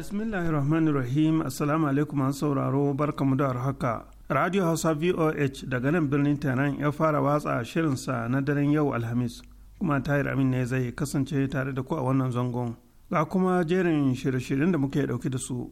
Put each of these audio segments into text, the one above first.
Bismillahirrahmanirrahim rahim assalamu alaikum an sauraro barkamu da haka radio hausa voh daga nan birnin tehran ya fara watsa shirinsa na daren yau alhamis kuma tahir amin ne zai kasance tare da ku a wannan zangon ga kuma jerin shirye-shiryen da muke dauke da su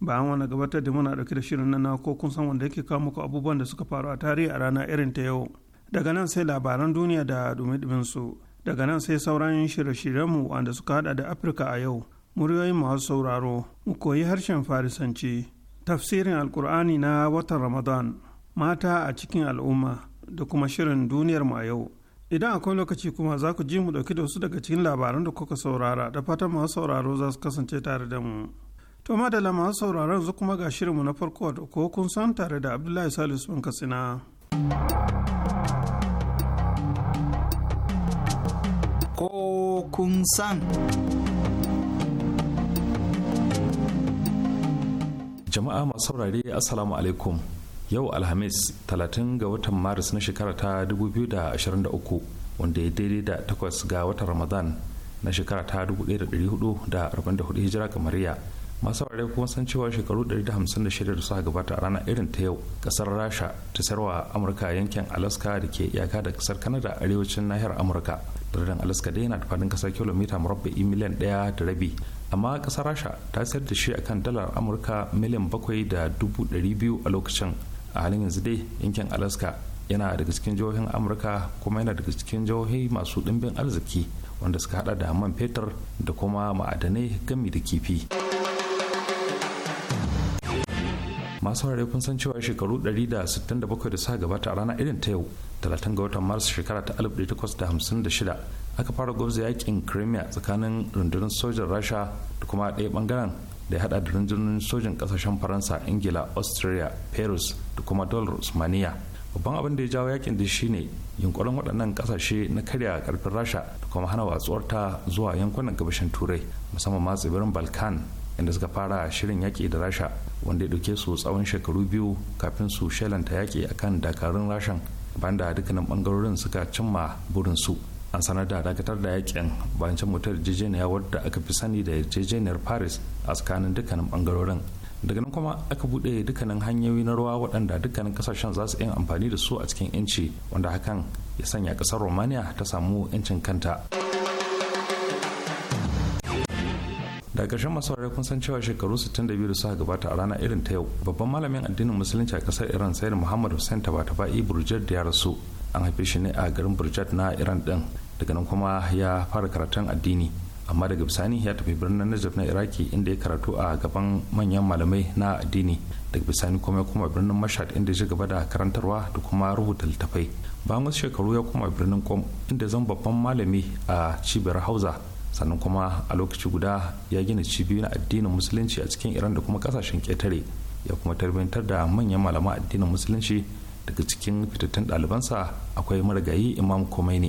ba an wani gabatar da muna dauke da shirin nan na ko kun san wanda yake kawo muku abubuwan da suka faru a tarihi a rana irin ta yau daga nan sai labaran duniya da dumi su daga nan sai sauran shirye-shiryenmu wanda suka hada da afirka a yau muryoyin masu sauraro mu koyi harshen farisanci tafsirin alkur'ani na watan ramadan mata a cikin al'umma da kuma shirin duniyar mu a yau idan akwai lokaci kuma za ku ji mu dauki da wasu daga cikin labaran da kuka saurara da fatan masu sauraro za su kasance tare da mu to madalla masu sauraro yanzu kuma ga shirin mu na farko da ko kun san tare da abdullahi salisu bin katsina ko kun san jama'a masu saurare assalamu alaikum yau alhamis 30 ga watan maris na shekara ta 2023 wanda ya daidai da 8 ga watan ramadan na shekara ta 1444 hijira ga mariya masu saurari kuma san cewa shekaru 156 da suka gabata a rana irin ta yau kasar rasha ta sarwa amurka yankin alaska da ke iyaka da kasar kanada arewacin nahiyar amurka birnin alaska dai yana da ƙasar kasar kilomita murabba'i miliyan ɗaya da rabi amma kasar rasha ta sayar da shi akan dalar amurka miliyan bakwai da dubu ɗari biyu a lokacin a halin yanzu dai yankin alaska yana daga cikin jihohin amurka kuma yana daga cikin jihohi masu ɗimbin arziki wanda suka hada da man fetur da kuma ma'adanai gami da kifi masu harare kun san cewa shekaru 167 da suka gabata a ranar irin ta yau 30 ga watan maris shekara ta 1856 aka fara gwamza yakin crimea tsakanin rundunar sojan rasha da kuma ɗaya bangaren da ya haɗa da rundunar sojan kasashen faransa ingila austria perus da kuma dolar usmaniya babban abin da ya jawo yakin da shine yunkurin waɗannan ƙasashe na karya ƙarfin rasha da kuma hana watsuwar zuwa yankunan gabashin turai musamman ma tsibirin balkan inda suka fara shirin yaƙi da rasha wanda ya ɗauke su tsawon shekaru biyu kafin su shelanta yaƙi akan dakarun rashan banda dukkanin bangarorin suka cimma burinsu an sanar da dakatar da yakin bayan can mutar jejeniya wadda aka fi sani da jejeniyar paris a tsakanin dukkanin bangarorin daga nan kuma aka buɗe dukkanin hanyoyi na ruwa waɗanda dukkanin kasashen za su yi amfani da su a cikin yanci wanda hakan ya sanya ƙasar romania ta samu yancin kanta da ƙarshen masu kun san cewa shekaru 62 da suka gabata a rana irin ta yau babban malamin addinin musulunci a ƙasar iran ta muhammad hussein tabatabai burjad da ya rasu an haife shi ne a garin burjad na iran din daga nan kuma ya fara karatun addini amma daga bisani ya tafi birnin najaf na iraki inda ya karatu a gaban manyan malamai na addini daga bisani kuma ya koma birnin mashad inda ya gaba da karantarwa da kuma rubuta littafai bayan wasu shekaru ya koma birnin kom inda zan babban malami a cibiyar hausa sannan kuma a lokaci guda ya gina cibiyoyi na addinin musulunci a cikin iran da kuma kasashen ketare ya kuma tarbantar da manyan malaman addinin musulunci daga cikin fitattun ɗalibansa akwai marigayi imam komai ne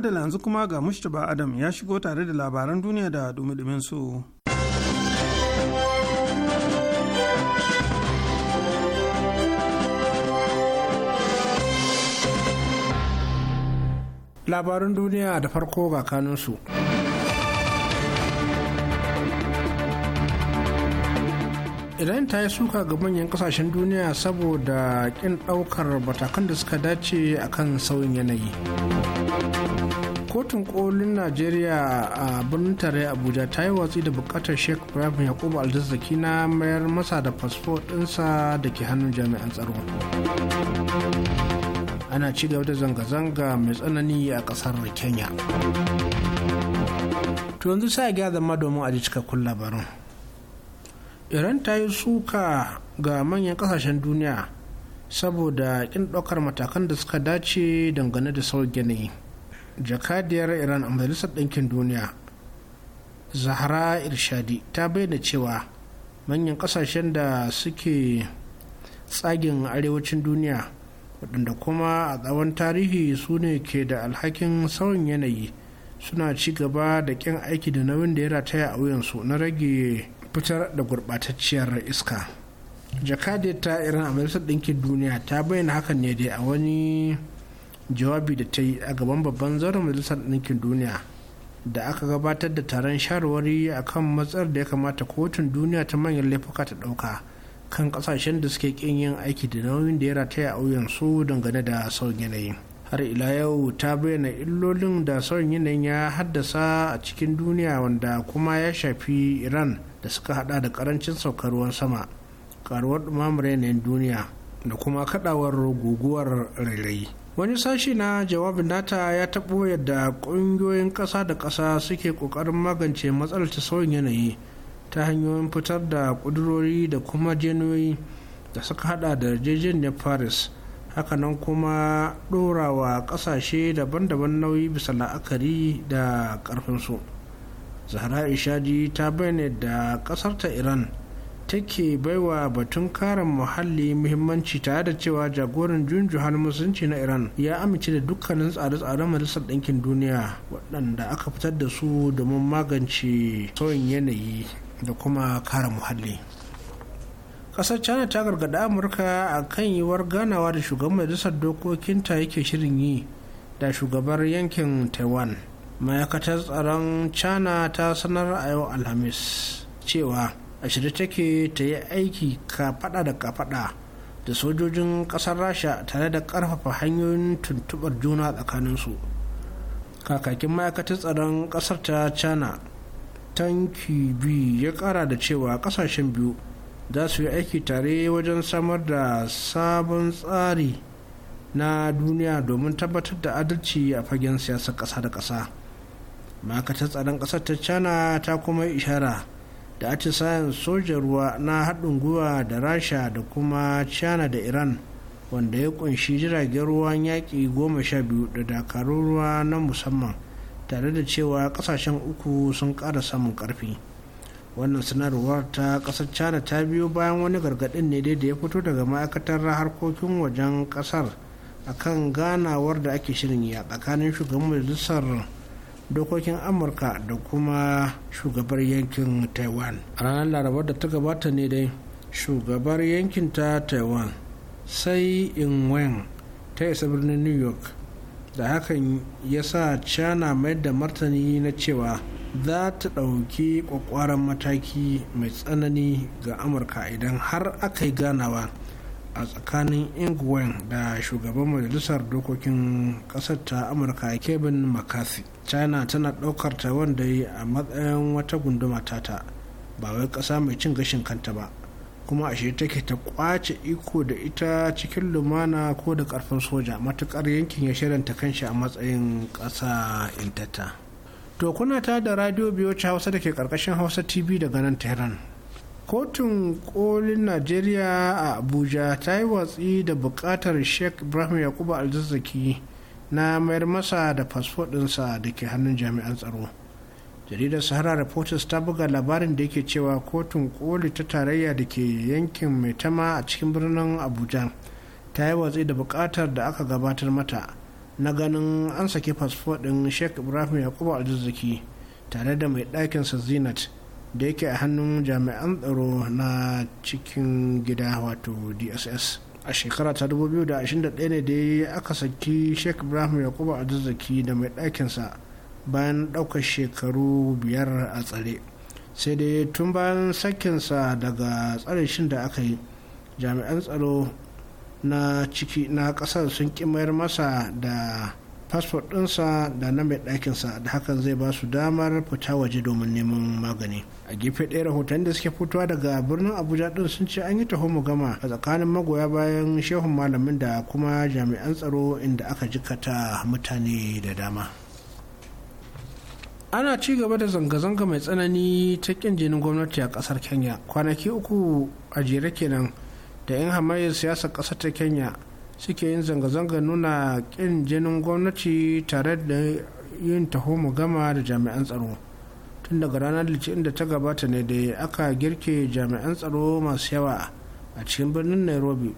da yanzu kuma ga Mustapha Adam ya shigo tare da labaran duniya da dumi su. Labaran duniya da farko ga kanunsu. Idan ta yi suka ga manyan kasashen duniya saboda kin daukar matakan da suka dace akan sauyin yanayi kotun kolin najeriya a birnin tare abuja ta yi watsi da bukatar sheikh ibrahim yakubu alzazzaki na mayar masa da fasfo ɗinsa da ke hannun jami'an tsaro ana ci gaba da zanga-zanga mai tsanani a ƙasar kenya to yanzu sai ga zama domin a cika cikakkun labarin iran ta yi suka ga manyan kasashen duniya saboda kin ɗaukar matakan da suka dace dangane da sauyin yanayi jakadiyar iran a majalisar ɗinkin duniya zahra irshadi ta bayyana cewa manyan kasashen da suke tsagin arewacin duniya waɗanda kuma a tsawon tarihi su ne ke da alhakin sauyin yanayi suna ci gaba da ƙin aiki da nauyin da ya rataya a wuyansu na rage fitar da gurɓatacciyar iska jakadi ta irin a majalisar ɗinkin duniya ta bayyana hakan ne dai a wani jawabi da ta yi a gaban babban zauren majalisar ɗinkin duniya da aka gabatar da taron shawarwari a kan matsar da ya kamata kotun duniya ta manyan laifuka ta ɗauka kan ƙasashen da suke ƙin yin aiki da nauyin da ya rataya a su dangane da sauyin yanayi har ila yau ta bayyana illolin da sauyin yanayin ya haddasa a cikin duniya wanda kuma ya shafi iran da suka hada da karancin saukar ruwan sama karuwar dumamar yanayin duniya da kuma kadawar guguwar rairayi wani sashi na jawabin nata ya taɓo yadda ƙungiyoyin ƙasa da ƙasa suke ƙoƙarin magance matsalar ta sauyin yanayi ta hanyoyin fitar da ƙudurori da kuma jeniyoyi da suka hada da yarjejeniyar paris hakanan kuma ɗorawa ƙasashe daban-daban nauyi bisa la'akari da ƙarfinsu. su zahra ishadi ta bayyana da kasar ta iran take baiwa batun kare muhalli muhimmanci tare da cewa jagoran junjuhar musulunci na iran ya amince da dukkanin tsare-tsaren majalisar ɗinkin duniya waɗanda aka fitar da su domin magance sauyin yanayi da kuma kare muhalli ƙasar china ta gargada amurka a kan yiwuwar ganawa da shugaban majalisar dokokinta yake shirin yi da shugabar yankin taiwan ma'aikatar tsaron china ta sanar a yau alhamis cewa a shirye take ta yi aiki kafaɗa da kafaɗa da sojojin ƙasar rasha tare da ƙarfafa hanyoyin tuntubar juna tsakaninsu kakakin ma'aikatar tsaron ƙasar ta china tanki bi ya kara da cewa kasashen biyu za su yi aiki tare wajen samar da sabon tsari na duniya domin tabbatar da adalci a fagen siyasar ƙasa da ƙasa. ma'aikatar tsaron ƙasar ta china ta kuma ishara da atisayen sojan ruwa na haɗin gwiwa da rasha da kuma china da iran wanda ya kunshi jiragen ruwan yaƙi goma sha biyu da dakarun ruwa na musamman tare da cewa ƙasashen uku sun ƙara samun ƙarfi wannan sanarwar ta ƙasar china ta biyo bayan wani gargaɗin ne da ya fito daga ma'aikatar harkokin wajen ƙasar akan ganawar da ake shirin yi a tsakanin shugaban majalisar dokokin amurka da kuma shugabar yankin taiwan a ranar larabar da ta gabata ne dai shugabar yankin ta taiwan sai in wen ta isa birnin new york da hakan ya sa china mai da martani na cewa za ta ɗauki kwakwaran mataki mai tsanani ga amurka idan har aka yi ganawa a tsakanin ingwen da shugaban majalisar dokokin kasar ta amurka kevin mccarthy china tana daukar taiwan da a matsayin wata gunduma tata ba wai kasa mai cin gashin kanta ba kuma a take ta kwace iko da ita cikin lumana ko da karfin soja matukar yankin ya shirinta kanshi a matsayin kasa intata to kuna ta da radio biyu hausa da ke karkashin hausa tv daga nan tehran kotun kolin najeriya a abuja ta yi watsi da bukatar sheikh ibrahim yakubu alzazzaki na mayar masa da fasfo ɗinsa da ke hannun jami'an tsaro jaridar sahara reporters ta buga labarin da yake cewa kotun koli ta tarayya da ke yankin mai tama a cikin birnin abuja ta yi watsi da bukatar da aka gabatar mata na ganin an saki fasfo ɗin sheikh ibrahim yakubu alzazzaki tare da mai ɗakinsa zinat da yake a hannun jami'an tsaro na cikin gida wato dss a shekara ta 2021 ne dai aka saki sheikh ibrahim yakubu azazzaki da mai ɗakinsa bayan ɗaukar shekaru biyar a tsare sai dai tun bayan sakinsa daga tsare shin da aka yi jami'an tsaro na ciki na ƙasar sun ƙi mayar masa da fasfot ɗinsa da na mai ɗakinsa da hakan zai ba su damar fita waje domin neman magani a gefe ɗaya rahoton da suke fitowa daga birnin abuja ɗin sun ce an yi taho gama a tsakanin magoya bayan shehun malamin da kuma jami'an tsaro inda aka jikata mutane da dama ana ci gaba da zanga-zanga mai tsanani ta ƙin jinin gwamnati a ƙasar kenya kwanaki uku a jere kenan da 'yan hamayar siyasar ƙasar ta kenya suke yin zanga-zanga nuna ƙin jinin gwamnati tare da yin taho mu gama da jami'an tsaro tun daga ranar litinin da ta gabata ne da aka girke jami'an tsaro masu yawa a cikin birnin nairobi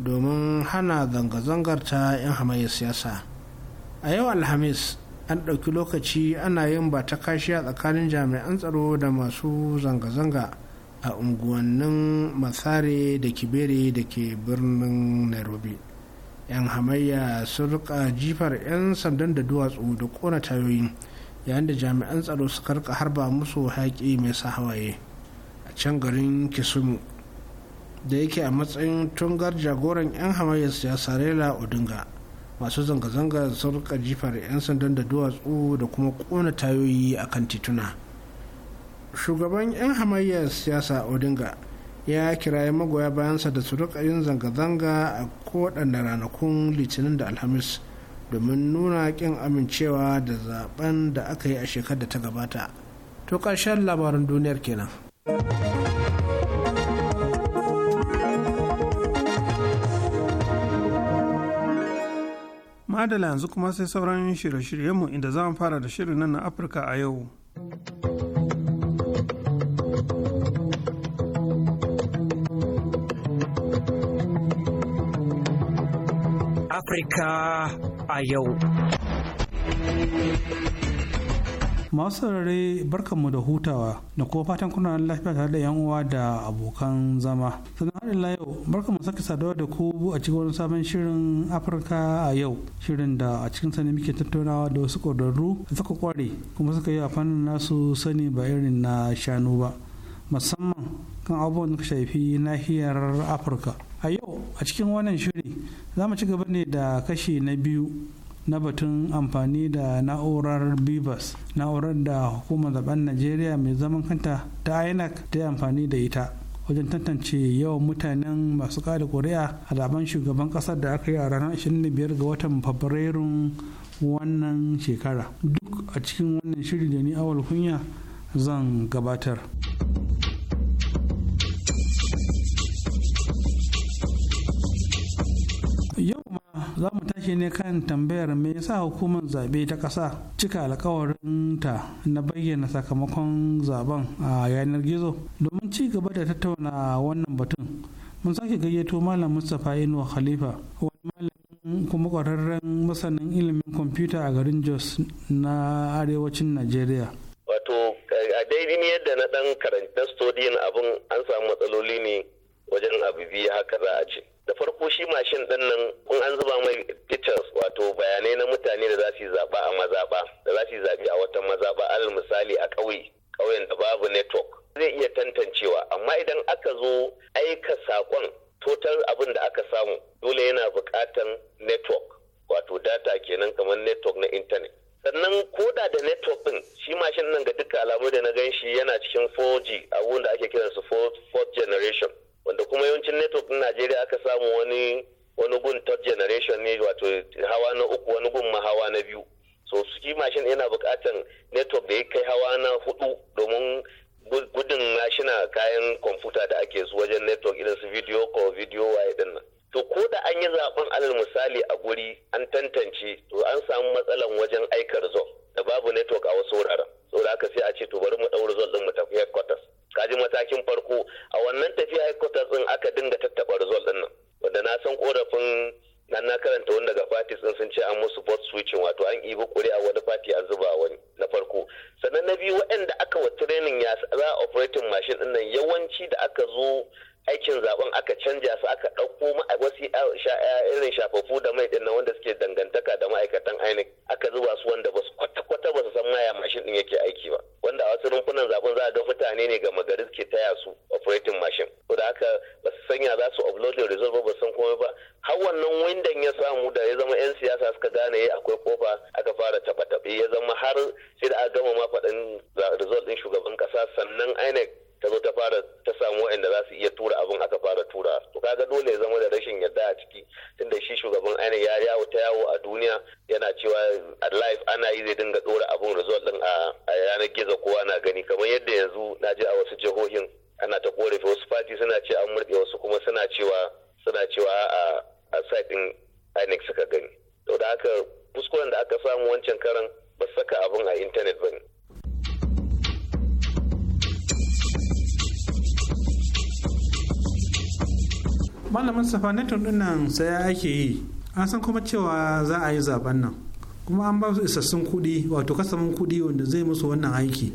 domin hana zanga-zangar ta 'yan hamayyar siyasa a yau alhamis an ɗauki lokaci ana yin ba ta kashiya tsakanin jami'an tsaro da masu zanga-zanga a unguwannin masare da kibere da ke birnin nairobi yan hamayya sun rika jifar 'yan sandan da duwatsu da kona tayoyi yayin da jami'an tsaro suka rika harba musu haƙi mai sa hawaye a can garin kisumu da yake a matsayin tungar jagoran 'yan hamayyar siyasa rela odinga masu zanga-zanga sun rika jifar 'yan sandan da duwatsu da kuma kona tayoyi a kan tituna shugaban 'yan hamayyar siyasa odinga ya kirayi magoya bayansa da su rika yin zanga-zanga a kowaɗanne ranakun litinin da alhamis domin nuna ƙin amincewa da zaben da aka yi a shekarar da ta gabata to ƙarshen labarin duniyar kenan madala yanzu kuma sai sauran shirye-shiryenmu inda za mu fara da shirin nan na afirka a yau Afirka a yau. Masu sarare barkanmu da hutawa da kuma fatan kuna lafiya tare da yan uwa da abokan zama. Sannan haɗin yau barkanmu sake saduwa da ku a cikin wani sabon shirin Afirka a yau. Shirin da a cikin sani muke tattaunawa da wasu ƙwararru da suka kware kuma suka yi a fannin nasu sani ba irin na shanu ba. Musamman kan abubuwan da shafi nahiyar Afirka. a yau a cikin wannan shiri za mu ci gaba ne da kashi na biyu na batun amfani da na'urar bibas na'urar da hukumar zaben najeriya mai zaman kanta ta inec ta amfani da ita wajen tantance yawan mutanen masu kada kuri'a a zaben shugaban kasar da aka yi a ranar 25 ga watan fabrairun wannan shekara duk a cikin wannan shiri da ni awal kunya zan gabatar. za mu tashi ne kan tambayar me yasa hukumar zabe ta ƙasa cika ta na bayyana sakamakon zaben a yanar gizo domin ci gaba da tattauna wannan batun mun sake gayyato malam mustapha inuwa khalifa wani malamin kuma ƙwararren masanin ilimin kwamfuta a garin jos na arewacin najeriya wato a daidai yadda na dan karanta studiyin abin an samu matsaloli ne wajen abu biyu haka za a ce da farko shi mashin din nan in an zuba mai details wato bayanai na mutane da za su yi zaba a mazaba da za su yi zabi a wata mazaba al misali a ƙauye ƙauyen da babu network zai iya tantancewa amma idan aka zo aika sakon total abin da aka samu dole yana buƙatan network wato data kenan kamar network na intanet sannan koda da network din shi mashin nan ga duka alamu da na gan shi yana cikin 4G abun da ake kiransu su generation wanda kuma yawancin network na najeriya aka samu wani wani gun third generation ne wato hawa na uku wani gun ma hawa na biyu so ski mashin yana bukatan network da ya kai hawa na hudu domin gudun mashina kayan computer da ake su wajen network irin su video call video waye din nan to ko da an yi zaben alal misali a guri an tantance to an samu matsalan wajen aika result da babu network a wasu wuraren da aka sai a ce to bari mu ɗau result din mu tafi headquarters kaji matakin farko a wannan tafiya headquarters din aka dinga tattaba result din nan wanda na san korafin nan na karanta wani daga parties din sun ce an musu bot switching wato an ibi a wani party a zuba wani na farko sannan na biyu waɗanda aka wa training ya za operating machine din nan yawanci da aka zo aikin zaben aka canja su aka ɗauko wasu irin shafafu da mai ɗin wanda suke dangantaka da ma'aikatan INEC aka zuba su wanda ba su kwata-kwata ba su san maya mashin ɗin yake aiki ba wanda a wasu rumfunan zaben za a ga mutane ne ga magari suke taya su operating mashin ko da haka ba su sanya za su upload the result ba ba san komai ba har wannan windon ya samu da ya zama 'yan siyasa suka gane eh, akwai kofa aka fara taɓa-taɓe ya zama har sai da aka gama ma faɗin result ɗin shugaban kasa sannan INEC ta zo ta fara ta samu waɗanda za su iya tura abin aka fara tura to kaga dole ya zama da rashin yarda a ciki tunda shi shugaban aina ya yawo ta yawo a duniya yana cewa a life ana yi zai dinga dora abin result din a yanar gizo kowa na gani kamar yadda yanzu na ji a wasu jihohin ana ta korafi wasu fati suna ce an murɗe wasu kuma suna cewa suna cewa a a site din INEC suka gani to da haka kuskuren da aka samu wancan karan ba saka abin a intanet ba ne malamin safanetin dinnan sai ake yi an san kuma cewa za a yi zaben nan kuma an ba su isassun kuɗi wato kasamin kuɗi wanda zai musu wannan aiki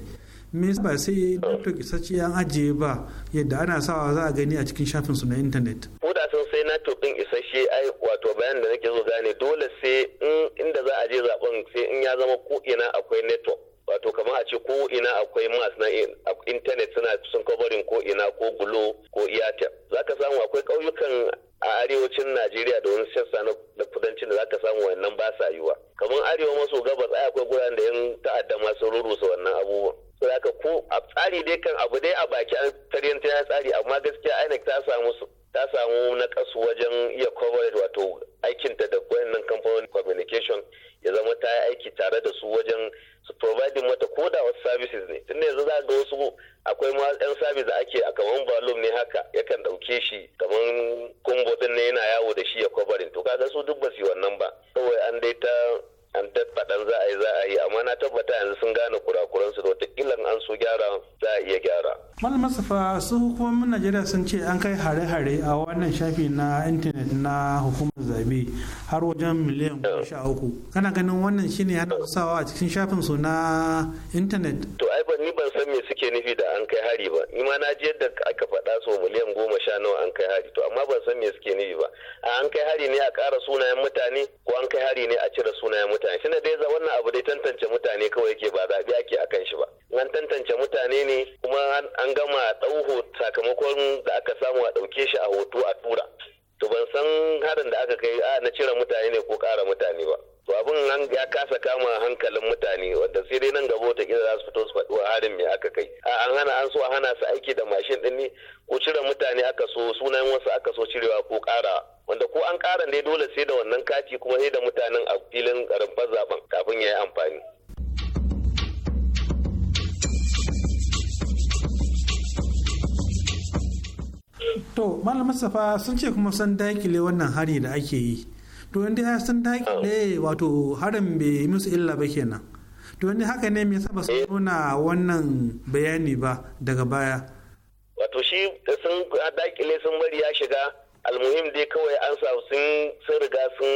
me ba sai network isasshen an ajiye ba yadda ana sawa za a gani a cikin shafin su na intanet ko da sun sai network din isasshe ai wato bayan da nake so gane dole sai inda za a je zaben sai in ya zama ko ina akwai network wato kamar a ce ko ina akwai mas na intanet suna sun kabarin ko ina ko gulo ko iyatel za ka samu akwai ƙauyukan a arewacin najeriya da wani sassa na kudancin da za ka samu wannan ba sa yiwa kamar arewa maso gabas ai akwai guran da yan ta'adda masu rurrusa wannan abubuwan sai haka ko a tsari dai kan abu dai a baki an karyanta ya tsari amma gaskiya inec ta samu ta samu na kasu wajen iya coverage wato aikinta da wayannan kamfanonin communication ya zama ta yi aiki tare da su wajen su providing mata da wasu services ne tunda yanzu za ga wasu akwai ma yan service da ake a kaman volume ne haka yakan dauke shi kaman kumbo din ne yana yawo da shi ya covering to kaga su duk ba su yi wannan ba kawai an dai ta an daddaɗan za a yi za a yi amma na tabbata yanzu sun gane kurakuran su da watakila an su gyara za a iya gyara. Malam masafa su hukumomin Najeriya sun ce an kai hare-hare a wannan shafi na intanet na hukumar zabe har wajen miliyan sha uku. Kana ganin wannan shine ya sawa a cikin shafin su na intanet. To ai ban ni ban san me suke nufi da an kai hari ba. Ni ma na ji yadda aka faɗa so miliyan goma sha nawa an kai hari to amma ban san me suke nufi ba. An kai hari ne a ƙara sunayen mutane ko an kai hari ne a cire sunayen mutane. mutane tunda da ya wannan abu dai tantance mutane kawai yake ba zaɓe ake akan shi ba an tantance mutane ne kuma an gama ɗauho sakamakon da aka samu a ɗauke shi a hoto a tura to ban san harin da aka kai a na cire mutane ne ko ƙara mutane ba to abin nan ya kasa kama hankalin mutane wadda sai dai nan gaba wata za su fito su faɗi harin mai aka kai a an hana an so a hana su aiki da mashin ɗin ne ko cire mutane aka so sunayen wasu aka so cirewa ko ƙara wanda ko an ƙara ne dole sai da wannan kati kuma sai da mutanen a filin rumfar zaben kafin ya yi amfani. To, Malam Mustapha sun ce kuma san dakile wannan hari da ake yi. to wanda ya sun ne wato harin bai musu illa ba kenan to wanda haka ne mai saba su eh. nuna wannan bayani ba daga baya wato shi sun dakile sun bari ya shiga almuhim dai kawai an sa sun riga sun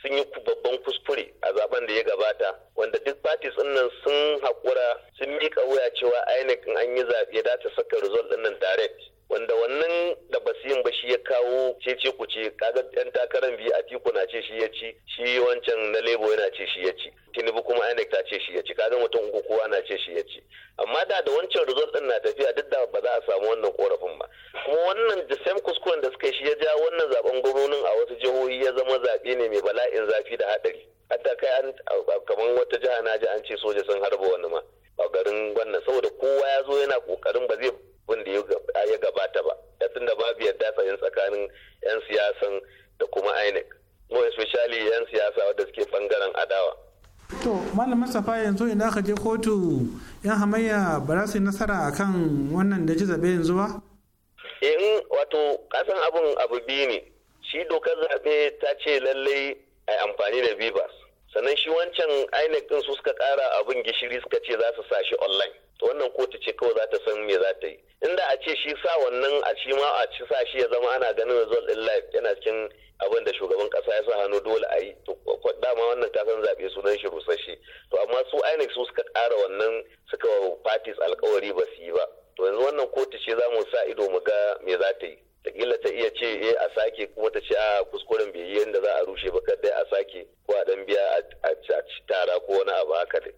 sun yi babban kuskure a zaben da ya gabata wanda duk parties din sun haƙura sun mika wuya cewa INEC an yi zaɓe da ta saka result din nan direct wanda wannan da basu yin ba shi ya kawo cece ku ce kaga yan takarar biyu a tiku na ce shi ya ci shi wancan na lebo yana ce shi ya ci tinubu kuma inec ta ce shi ya ci kaga mutum uku kowa na ce shi ya ci amma da da wancan result din na tafiya duk da ba za a samu wannan korafin ba kuma wannan da same kuskuren da suka yi shi ya ja wannan zaben gwamnonin a wasu jihohi ya zama zaɓe ne mai bala'in zafi da haɗari hatta kai an kamar wata jiha na ji an ce soja sun harba wani ma a garin wannan saboda kowa ya zo yana kokarin ba zai abin da ya gabata ba da tun da babu yadda tsayin tsakanin 'yan siyasan da kuma inec more especially 'yan siyasa wadda suke bangaren adawa to malamin safa yanzu idan ka je kotu yan hamayya ba za su yi nasara akan wannan da ji zabe yanzu ba eh, in wato kasan abun abu biyu ne shi dokar zaɓe ta ce lallai a amfani da bibas sannan shi wancan inec din su suka kara abin gishiri suka ce za su sa shi online to wannan kotu ce kawai za ta san me za ta yi inda a ce shi sa wannan a shi ma a ci sa shi ya zama ana ganin result in life yana cikin abin da shugaban kasa ya sa hannu dole a yi dama wannan kasan zaɓe sunan shi rusashe to amma su INEC su suka ƙara wannan suka parties alkawari ba su yi ba to yanzu wannan kotu ce za mu sa ido mu ga me za ta yi takila ta iya ce eh a sake kuma ta ce a kuskuren bai yi yadda za a rushe ba kadai a sake ko a dan biya a tara ko wani abu haka dai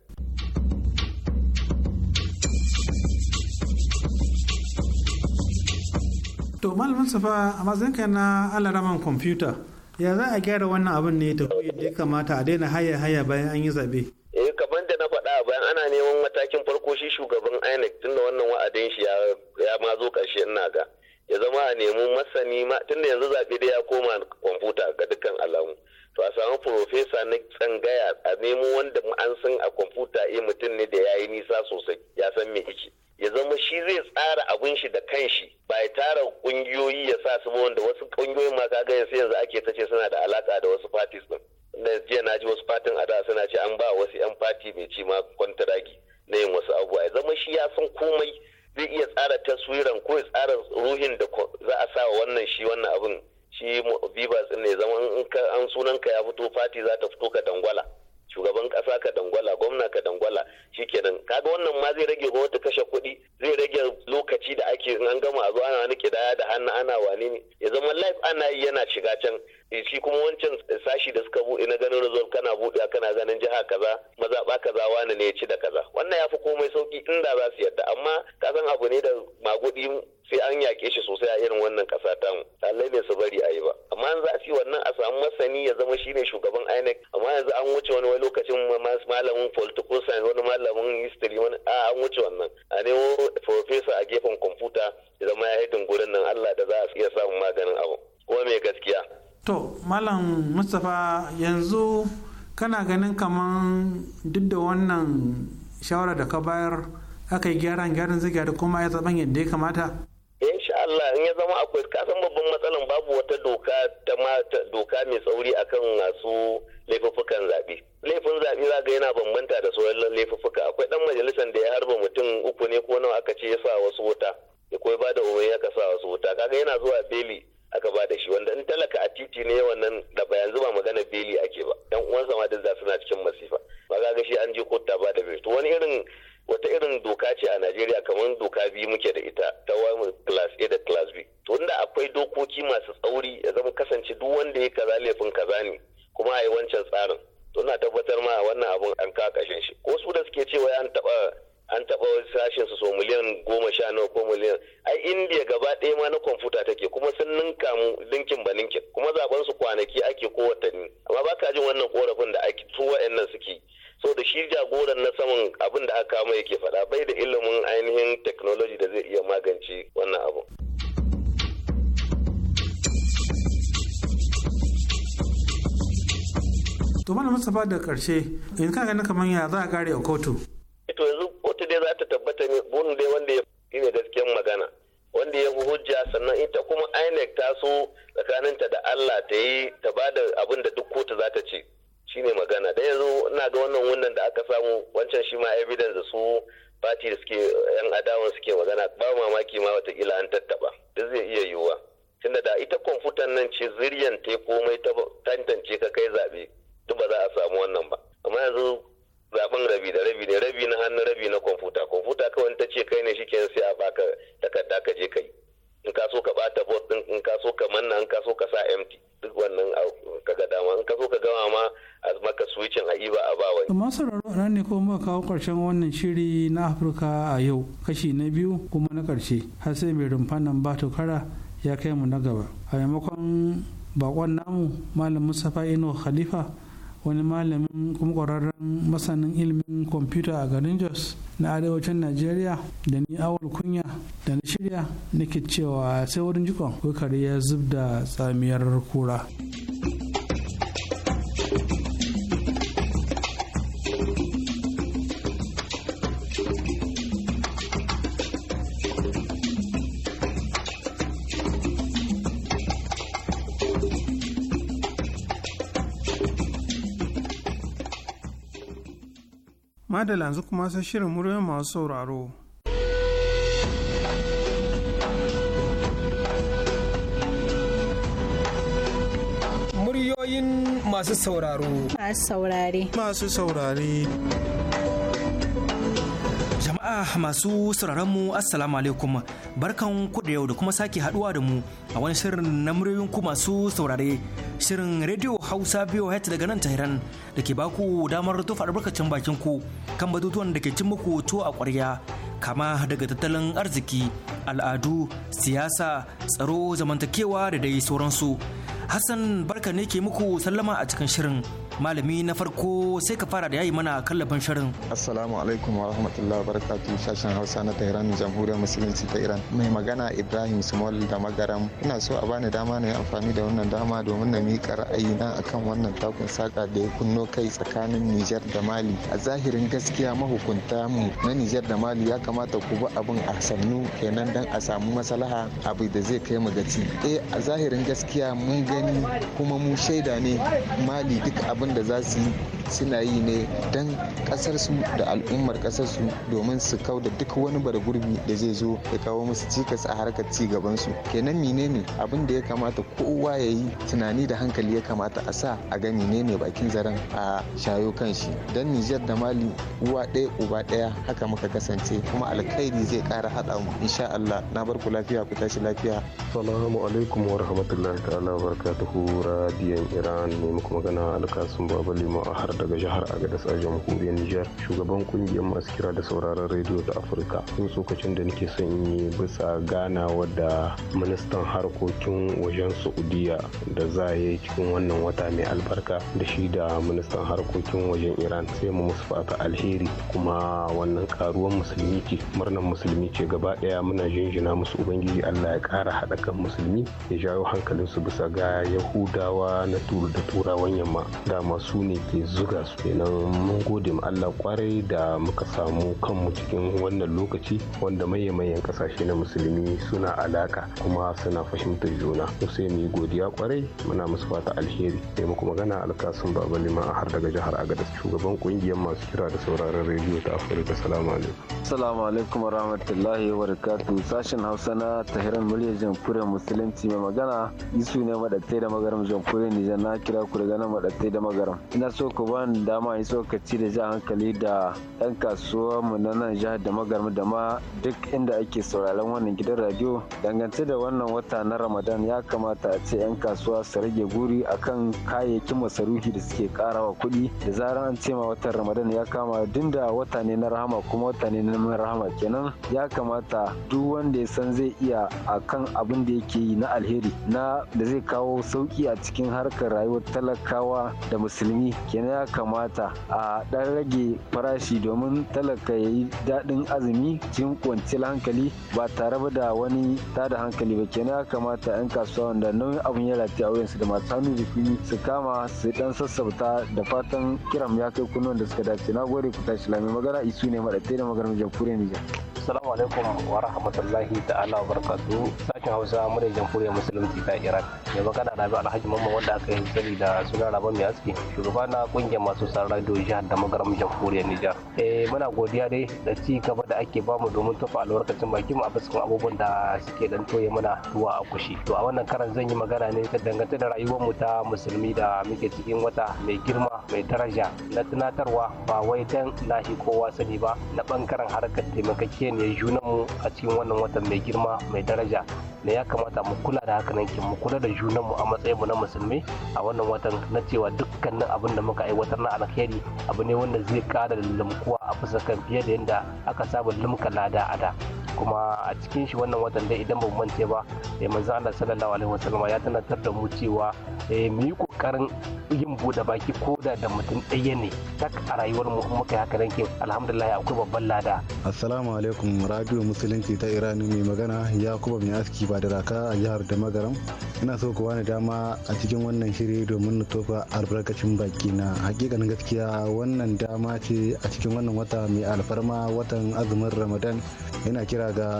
to malamin safa a kai na alaraman kwamfuta ya za a gyara wannan abin ne ta koyi da ya kamata a daina haya haya bayan an yi zabe eh kamar da na faɗa bayan ana neman matakin farko shi shugaban INEC tunda wannan wa'adin shi ya ma zo ƙarshe ina ga ya zama a nemi masani tun tunda yanzu zaɓe dai ya koma kwamfuta ga dukkan alamu to a samu profesa na tsangaya a nemo wanda an san a kwamfuta ya eh, mutum ne da ya yi nisa sosai ya san me yake ya zama shi zai tsara abin shi da kanshi ba ya tara kungiyoyi ya sa su wanda wasu kungiyoyi ma ka ga yanzu yanzu ake tace ce suna da alaka da wasu parties din na jiya na ji wasu fatin a da suna ce an ba wasu yan fati mai ci ma kwantaragi na yin wasu abubuwa ya zama shi ya san komai zai iya tsara taswiran ko ya tsara ruhin da za a sa wa wannan shi wannan abin shi vivas ne zama an sunanka ya fito fati za ta fito ka dangwala shugaban kasa ka dangwala gwamna ka dangwala shikenan kaga wannan ma zai rage gwamnati kashe kuɗi zai rage lokaci da ake an gama a zo ana wani kidaya da hannu ana wani ne ya zama life ana yi yana shiga can Eh, shi kuma wancan sashi da suka buɗe na ganin result kana buɗe kana ganin jiha kaza maza kaza wani ne ya ci da kaza wannan ya fi komai sauki inda za su yadda amma ka san abu ne da magudi sai an yaƙe shi sosai a irin wannan ƙasa ta mu lallai ne su bari a yi ba amma an za wannan a samu masani ya zama shi ne shugaban INEC amma yanzu an wuce wani lokacin malamin political science wani malamin history wani a an wuce wannan a nemo professor a gefen kwamfuta ya zama ya haidin gurin nan Allah da za a iya samun maganin abu kuma mai gaskiya to malam mustapha yanzu kana ganin kaman duk da wannan shawara da ka bayar aka yi gyaran gyaran ziga da kuma ya zaben yadda ya kamata insha Allah in ya zama akwai kasan babban matsalan babu wata doka ta doka mai tsauri akan masu laifuffukan zaɓe laifin zaɓe za ga yana bambanta da sauran laifuffuka akwai dan majalisar da ya harba mutum uku ne ko nawa aka ce ya sa wasu wuta ya ba da umarni aka sa wasu wuta kaga yana zuwa beli aka ba da shi wanda in talaka a titi ne nan da ba yanzu ba magana beli ake ba yan uwansa ma da suna cikin masifa ba ga gashi an je kotu ta ba da to wani irin wata irin doka ce a Najeriya kamar doka biyu muke da ita ta wani class A da class B to inda akwai dokoki masu tsauri ya zama kasance duk wanda ya kaza laifin kaza ne kuma a yi wancan tsarin mustapha da karshe in ka na kamar ya za a kare a kotu karshen wannan shiri na afirka a yau kashi na biyu kuma na karshe har sai mai rumfanan ba kara ya kai mu na gaba a maimakon bakon namu malam mustapha ino khalifa wani malamin kuma ƙwararren masanin ilimin kwamfuta a garin jos na arewacin najeriya da ni awal kunya da na shirya nake cewa sai wurin jikon kare ya zub da tsamiyar kura. madala yanzu kuma sai shirin muryoyin masu sauraro muryoyin masu sauraro masu saurare masu saurare Jama'a masu sauraron mu Assalamu alaikum barkan ku da yau da kuma sake haduwa da mu a wani shirin na muryoyin ku masu saurare shirin Radio Hausa hat daga nan Tehran da ke baku damar tufa albarkacin bakin ku kan batutuwan da ke cin muku to a ƙwarya kama daga tattalin arziki al'adu siyasa tsaro zamantakewa da dai sauransu. Hassan barka ne ke muku sallama a cikin shirin malami na farko sai ka fara da yayi mana kallafin shirin assalamu alaikum wa rahmatullahi wa barakatuh sashen hausa na tehran jamhuriyar musulunci ta iran mai magana ibrahim Small da magaram ina so a bani dama na yi amfani da wannan dama domin na miƙa ra'ayina akan wannan takun saka da ya kunno kai tsakanin nijar da mali a zahirin gaskiya mahukunta mu na nijar da mali ya kamata ku bi abin a sannu kenan dan a samu maslaha abu da zai kai mu gaci eh a zahirin gaskiya mun gani kuma mu shaida ne mali duk a abin da za su yi suna yi ne don kasarsu da al'ummar kasarsu domin su kau da duk wani bargurbi da zai zo ya kawo musu cikas a harkar ci su kenan menene abin da ya kamata kowa ya yi tunani da hankali ya kamata a sa a ga menene bakin zaren a shayo kan shi don nijar da mali uwa ɗaya uba ɗaya haka muka kasance kuma alkhairi zai kara haɗa mu insha Allah na barku lafiya ku tashi lafiya salamu alaikum wa rahmatullahi ta'ala wa barakatuhu radiyan iran ne muku magana alkas alkasun baba a har daga jihar agadas a jamhuriyar nijar shugaban kungiyar masu kira da sauraron rediyo ta afirka sun sokacin da nake son yi bisa gana da ministan harkokin wajen saudiya da za a yi cikin wannan wata mai albarka da shi da ministan harkokin wajen iran sai mu musu fata alheri kuma wannan karuwan musulmi ce murnan musulmi ce gaba daya muna jinjina musu ubangiji allah ya kara haɗa kan musulmi ya jawo hankalinsu bisa ga yahudawa na turu da turawan yamma da dama su ne ke zuga su kenan mun gode ma Allah kwarai da muka samu kanmu cikin wannan lokaci wanda mayan kasashe na musulmi suna alaka kuma suna fahimtar juna to sai mu yi godiya kwarai muna musu fata alheri sai muku magana alkasun baba liman har daga jihar agadas shugaban kungiyar masu kira da sauraron rediyo ta afirka salamu alaikum assalamu alaikum warahmatullahi wabarakatuh sashen hausa na tahiran muryar jamhuriyar musulunci mai magana isu ne madatai da magaram jamhuriyar nijar na kira ku daga nan madatai da ina so ku bani dama in tsokaci da ja hankali da yan kasuwa mu na nan jihar da magarmu da ma duk inda ake sauraron wannan gidan radio dangance da wannan wata na ramadan ya kamata a ce yan kasuwa su rage guri akan kayayyakin masarufi da suke karawa kuɗi da zarar an ce ma watan ramadan ya kama da wata ne na rahama kuma wata ne na rahama kenan ya kamata duk wanda ya san zai iya akan abin da yake yi na alheri na da zai kawo sauki a cikin harkar rayuwar talakawa da musulmi kenan ya kamata a dan rage farashi domin talaka ya yi daɗin azumi cikin kwanciyar hankali ba tare da wani tada hankali ba kenan ya kamata 'yan kasuwa wanda nauyin abun ya rataya a wuyansu da masu hannu da su kama su dan sassauta da fatan kiram ya kai kunnuwan da suka dace na gode ku tashi lami magana isu ne maɗa da maganar jamhuriyar Nijar. Assalamu alaikum wa rahmatullahi ta'ala wa barkatu. Sashen Hausa mu Jamhuriyar Musulunci ta Iran. Mai magana Rabi Alhaji Mamman wanda aka yi sani da suna Rabon Mai Aski, shugaba na kungiyar masu san radio jihar da magaram Jamhuriyar Nijar. Eh muna godiya dai da ci gaba da ake bamu domin tafa albarkacin bakin mu a abubuwan da suke dan toye mana zuwa a kushi. To a wannan karan zan yi magana ne ta dangantar da rayuwar mu ta musulmi da muke cikin wata mai girma mai daraja na tunatarwa ba wai dan lahi kowa sani ba na ɓangaren harkar taimakake ne junanmu a cikin wannan watan mai girma mai daraja ne ya kamata mu kula da haka nankin mu kula da junanmu a matsayin mu na musulmi a wannan watan na cewa dukkanin abin da muka aiwatar na alkhairi abu ne wanda zai kara lumkuwa a bisa kan fiye da yadda aka saba lumka lada a da kuma a cikin shi wannan watan dai idan ba mu mance ba eh manzo Allah sallallahu alaihi wasallam ya tunatar da mu cewa eh mu yi kokarin yin bude baki koda da mutum ɗaya ne tak a rayuwar mu kuma kai haka ke alhamdulillah akwai babban lada assalamu alaikum radiyo radio musulunci ta iran mai magana yakuba mai aski ba da raka a jihar da magaram ina so ku wani dama a cikin wannan shiri domin na tofa albarkacin baki na hakikanin gaskiya wannan dama ce a cikin wannan wata mai alfarma watan azumin ramadan yana kira ga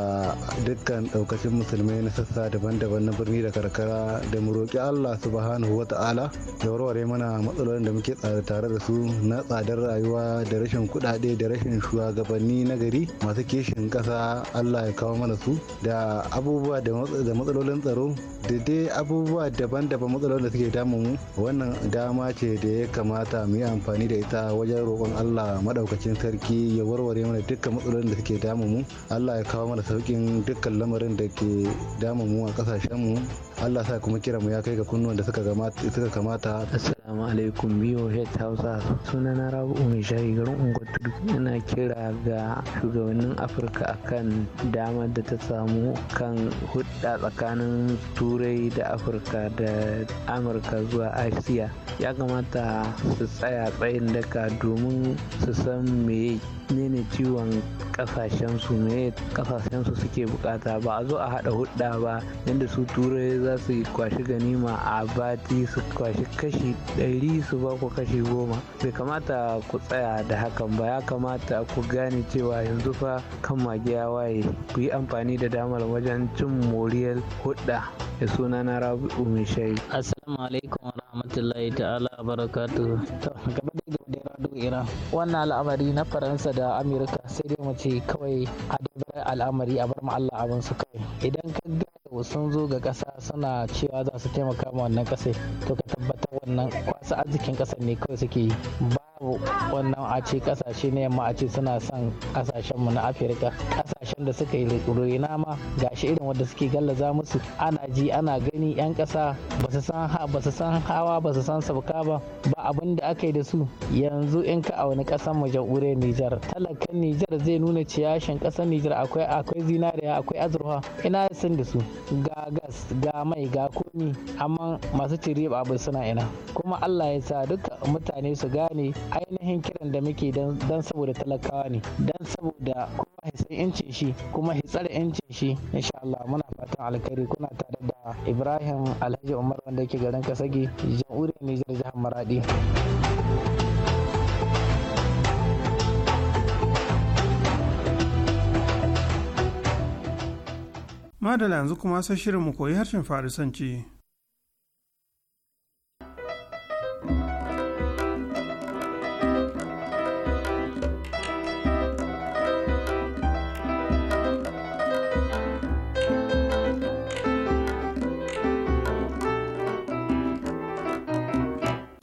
dukkan daukacin musulmai na sassa daban-daban na birni da karkara da mu roƙi allah subhanahu wa ta'ala da warware mana matsalolin da muke tare da su na tsadar rayuwa da rashin kuɗaɗe da rashin shugabanni na gari masu kishi kishin kasa allah ya kawo mana su da abubuwa da matsalolin tsaro da dai abubuwa daban-daban matsalolin da suke damun mu wannan dama ce da ya kamata mu yi amfani da ita wajen roƙon allah maɗaukacin sarki ya warware mana dukkan matsalolin da suke damun mu allah ya kawo mana sauƙin dukkan lamarin da ke damun mu a ƙasashen mu allah sa kuma kira mu ya kai ga kunnuwan da suka kamata Assalamu alaikum BOH Hausa na Rabi'u mai shari garin Unguwar Tudu ina kira ga shugabannin Afirka akan damar da ta samu kan hudda tsakanin Turai da Afirka da Amurka zuwa Asiya ya kamata su tsaya tsayin daka domin su san meye ne ciwon kasashen su me kasashen su suke bukata ba a zo a hada hudda ba yadda su turai za su kwashi ganima a bati su kwashi kashi ɗari su ba ku kashi goma bai kamata ku tsaya da hakan ba ya kamata ku gane cewa yanzu fa kan magiya waye ku yi amfani da damar wajen cin moriyar hudda da suna na rabi'u mai shayi assalamu alaikum wa rahmatullahi ta'ala barakatu to gaba da iran wannan al'amari na faransa da da amurka sai dai mace kawai a dabar al'amari a bar mu allah abin su kawai idan ka ga sun zo ga kasa suna cewa za su taimaka ma wannan kasa to ka tabbatar wannan kwasa arzikin kasa ne kawai suke ba wannan a ce kasashe ne yamma a ce suna son kasashenmu na afirka kasashen da suka yi rena ma gashi irin wanda suke gallaza musu ana ji ana gani yan kasa ba su san ba su san hawa ba su san sabka ba ba abin da aka yi da su yanzu in ka a wani kasan mu jamhuriyar Nijar talakan Nijar zai nuna ciyashin kasar Nijar akwai akwai zinariya akwai azurfa ina san da su ga gas ga mai ga komi amma masu cire ba suna ina kuma Allah ya sa duka mutane su gane ainihin kiran da muke don saboda talakawa ne don saboda kuma ya yancin shi kuma hitsar yancin shi insha Allah muna fatan alkhairi kuna tare da Ibrahim Alhaji Umar wanda yake garin Kasagi jamhuriyar Nijar jihar Maradi Madala yanzu kuma sai shirin mu koyi harshen Farisanci.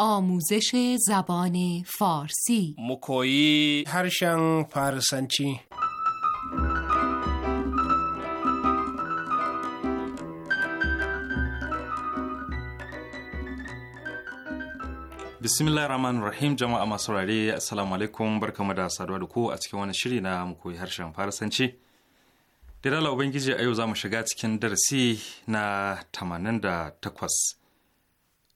آموزش زبان فارسی مکویی هرشن فارسنچی bismillah rahman rahim jama'a masu rare assalamu alaikum barkamu da saduwa da ku a cikin wani shiri na mu koyi harshen farasanci da dala ubangiji a yau za mu shiga cikin darasi na 88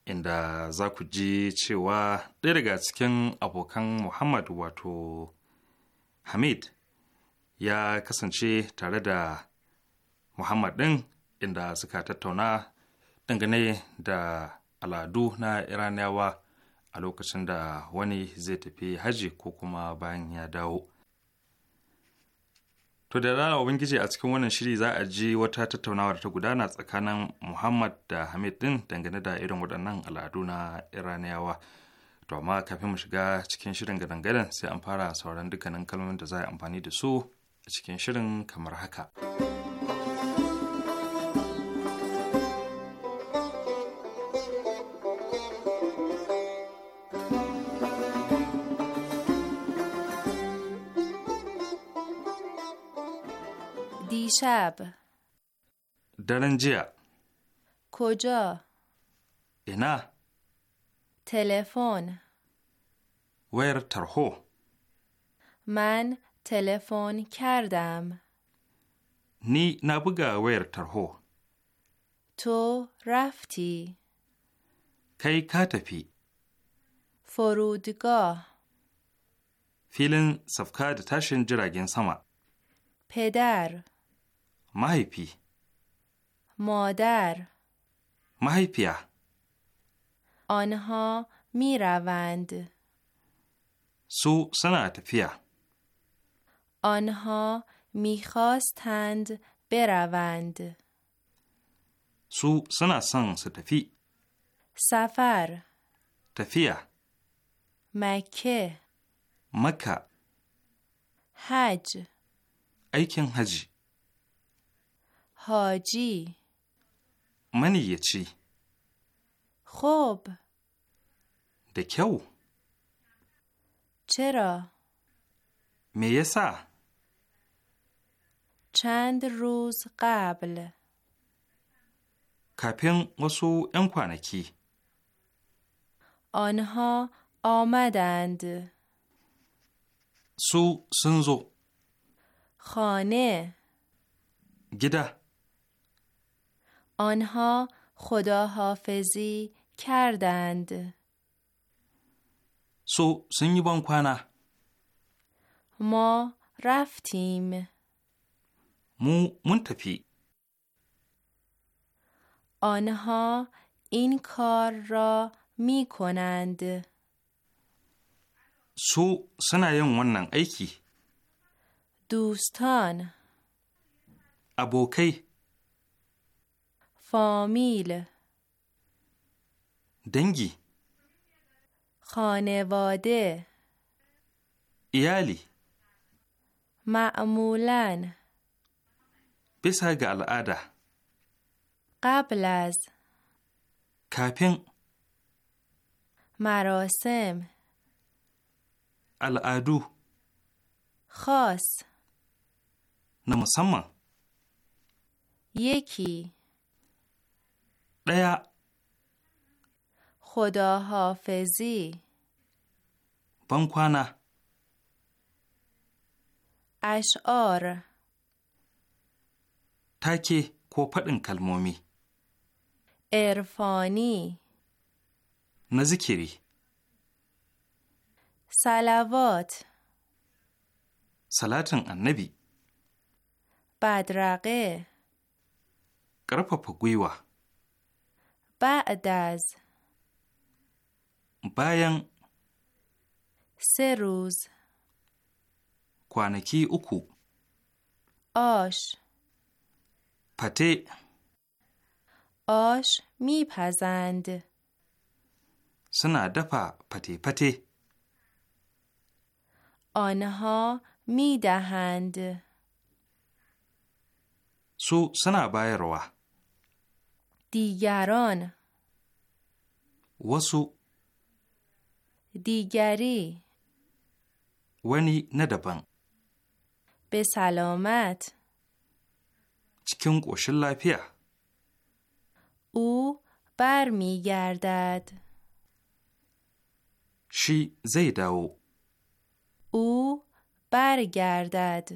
inda za ku ji cewa ɗaya daga cikin abokan Muhammad wato Hamid ya kasance tare da Muhammad ɗin inda suka tattauna dangane da al'adu na Iraniyawa a lokacin da wani zai tafi haji ko kuma bayan ya dawo. To da rana Ubangiji a cikin wannan shiri za a ji wata tattaunawa da ta gudana tsakanin Muhammad da Hamid din dangane da irin waɗannan al'adu na Iraniyawa. To amma kafin mu shiga cikin shirin gadan-gadan sai an fara sauran dukkanin kalmomin da za a amfani da su a cikin shirin kamar haka. در اینجا کجا اینا تلفن ویر ترهو من تلفن کردم نی نبگا ویر ترهو تو رفتی کی کاتفی فرودگاه فیلن صفکاد تشن جراغین سما پدر مهیپی مادر مهیپیا آنها می روند سو سنات پیا آنها میخواستند بروند سو سنا سن ستفی سفر تفیا مکه مکه حج ایکن حجی حاجی من یه چی خوب دکو چرا میسا چند روز قبل کپین وسو امکانکی آنها آمدند سو سنزو خانه گده آنها خداحافظی کردند. سو سنگی کنه؟ ما رفتیم. مو منتفی آنها این کار را می کنند. سو سنایم ونن ایکی دوستان ابوکی فامیل دنگی خانواده ایالی معمولا بسا ga قبل از کپین مراسم العادو خاص نمسمم یکی ɗaya خداحافظی bankwana. ashor. take ko faɗin kalmomi. Irfani Na zikiri. salavot. Salatin annabi. badrage Ƙarfafa gwiwa. بعد از باین سه روز کوانکی اوکو آش پته آش میپزند سنا دفا پته پته آنها میدهند سو سنا بایروا دیگران وسو دیگری ونی ندبن به سلامت چکن قوشن لافیه او بر می گردد شی زیداو او برگردد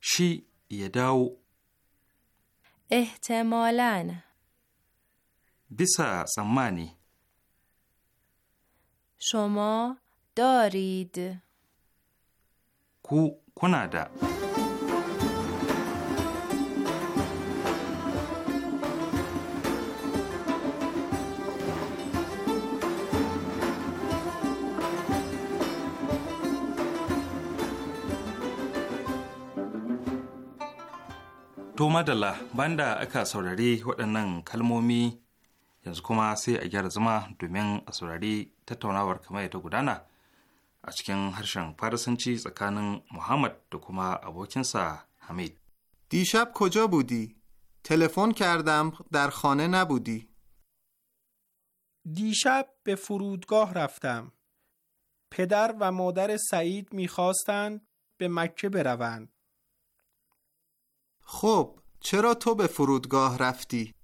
شی یداو احتمالاً بیسا سمانی شما دارید کو کنادا To madalla banda aka saurari waɗannan kalmomi yanzu kuma sai a gyara zama domin a saurari tattaunawar kamar ta gudana a cikin harshen farisanci tsakanin Muhammad da kuma abokinsa Hamid. دیشب کجا بودی؟ تلفن کردم در خانه نبودی. دیشب به فرودگاه رفتم. پدر و مادر سعید میخواستند به مکه بروند. خب چرا تو به فرودگاه رفتی؟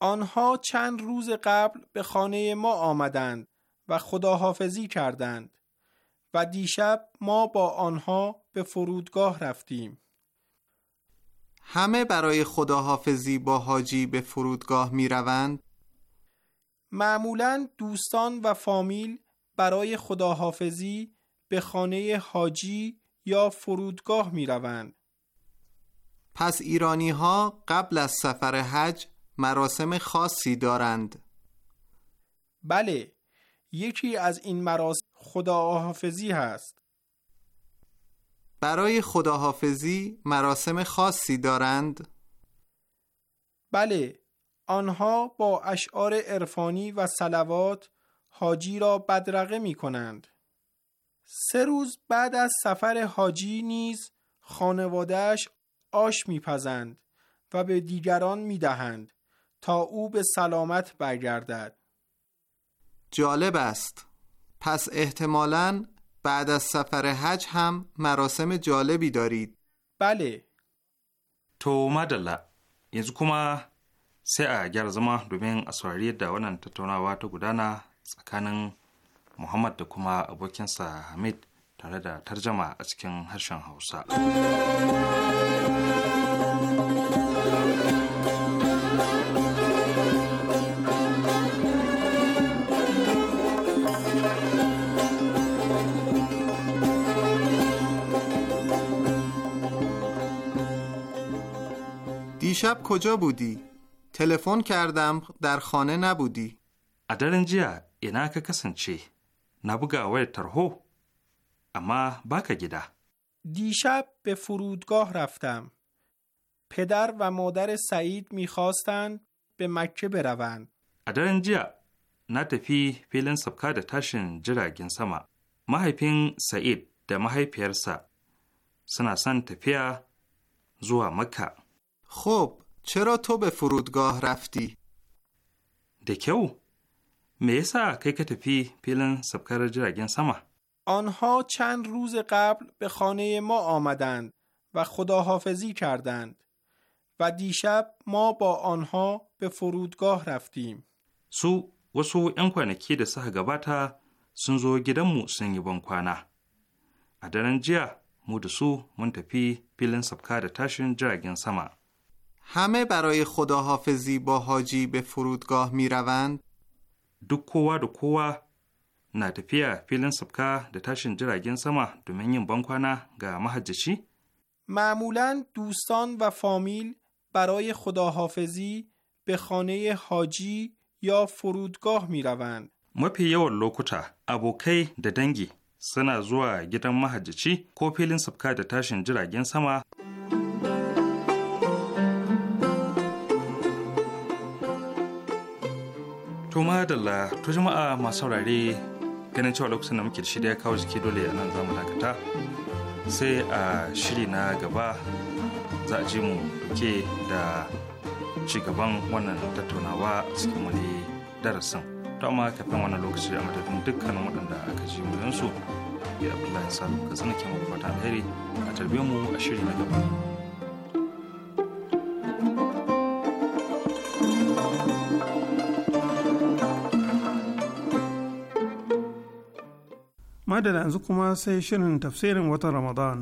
آنها چند روز قبل به خانه ما آمدند و خداحافظی کردند و دیشب ما با آنها به فرودگاه رفتیم همه برای خداحافظی با حاجی به فرودگاه می روند؟ معمولا دوستان و فامیل برای خداحافظی به خانه حاجی یا فرودگاه می روند. پس ایرانی ها قبل از سفر حج مراسم خاصی دارند بله یکی از این مراسم خداحافظی هست برای خداحافظی مراسم خاصی دارند بله آنها با اشعار عرفانی و سلوات حاجی را بدرقه می کنند سه روز بعد از سفر حاجی نیز خانوادهش آش میپزند و به دیگران میدهند تا او به سلامت برگردد جالب است پس احتمالا بعد از سفر حج هم مراسم جالبی دارید بله تو مدلا یز کما سی اگر زما دومین اسواری دوانان تتوناوا واتو گدانا سکانن محمد دکما ابوکنسا حمید tare da tarjama a cikin harshen Hausa. دیشب کجا بودی؟ تلفن کردم در خانه نبودی. ادرنجیه اینا که کسن چی؟ نبوگا وی ترهو اما با بکه دیشب به فرودگاه رفتم. پدر و مادر سعید میخواستند به مکه بروند. ادارن جا نتفی پیلن سبکا ده تشن جرا گنسما محیپین سعید ده محی پیرسا سنا سن تفیا زوا مکه خب چرا تو به فرودگاه رفتی؟ دکه او میسا که که تفی پیلن سبکا ده جرا گنسما؟ آنها چند روز قبل به خانه ما آمدند و خداحافظی کردند و دیشب ما با آنها به فرودگاه رفتیم. سو و سو این کwanaki da suka gabata sun zo gidanmu سنگی بان ادران همه برای خداحافظی با حاجی به فرودگاه می روند؟ دو کووا دو na tafiya filin sabka da tashin jiragen sama domin yin bankwana ga mahajjaci? معمولا دوستان و فامیل برای خداحافظی به خانه حاجی یا فرودگاه می روند. mafi yawan lokuta abokai da dangi suna zuwa gidan mahajjaci ko filin sabka da tashin jiragen sama to madalla to jama'a masu ganin cewa lokacin da muke da shirya kawo jiki dole a nan zamu dakata sai a shiri na gaba za a ji mu ke da cigaban wannan tattaunawa cikin wani darasin to amma kafin wannan lokaci a madadin dukkanin waɗanda aka ji yansu ya abdullahi salu ka tsanake mu fata alheri a tarbe mu a shiri na gaba. madana yanzu kuma sai shirin tafsirin watan ramadan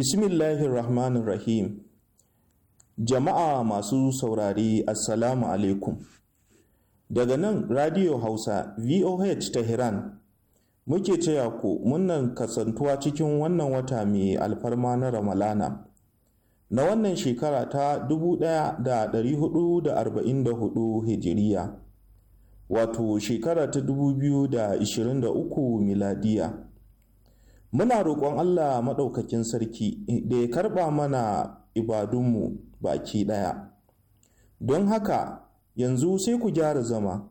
Bismillahirrahmanirrahim. Jama'a masu saurari Assalamu alaikum. Daga nan Radio Hausa VOH Tehran muke cewa ku munnan kasantuwa cikin wannan wata mai alfarma na Ramalana. Na wannan shekara ta 1444 Hijiriya, wato shekara ta 2023 miladiya. Muna roƙon Allah Maɗaukakin Sarki da ya karɓa mana ibadunmu baki ɗaya. Don haka yanzu sai ku gyara zama,